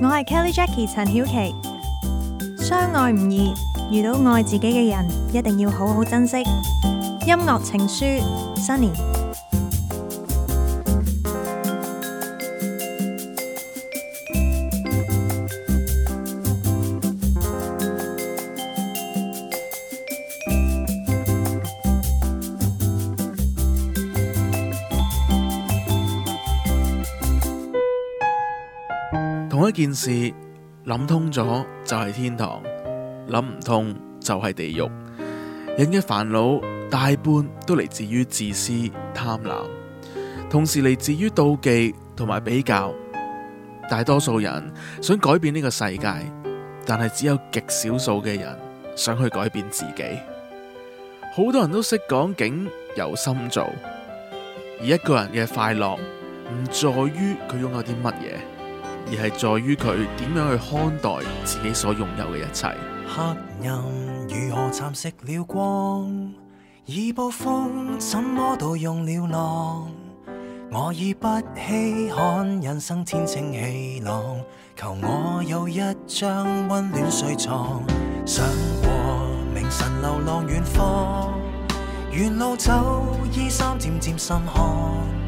我係 Kelly Jackie 陳曉琪，相愛唔易，遇到愛自己嘅人，一定要好好珍惜。音樂情書，Sunny。一件事諗通咗就係天堂，諗唔通就係地獄。人嘅煩惱大半都嚟自於自私貪婪，同時嚟自於妒忌同埋比較。大多數人想改變呢個世界，但係只有極少數嘅人想去改變自己。好多人都識講境由心做，而一個人嘅快樂唔在於佢擁有啲乜嘢。而係在於佢點樣去看待自己所擁有嘅一切。黑暗如何蠶食了光？而暴風怎麼盜用了浪？我已不稀罕人生天清氣朗，求我有一張溫暖睡床。想過明晨流浪遠方，沿路走衣衫漸漸滲汗。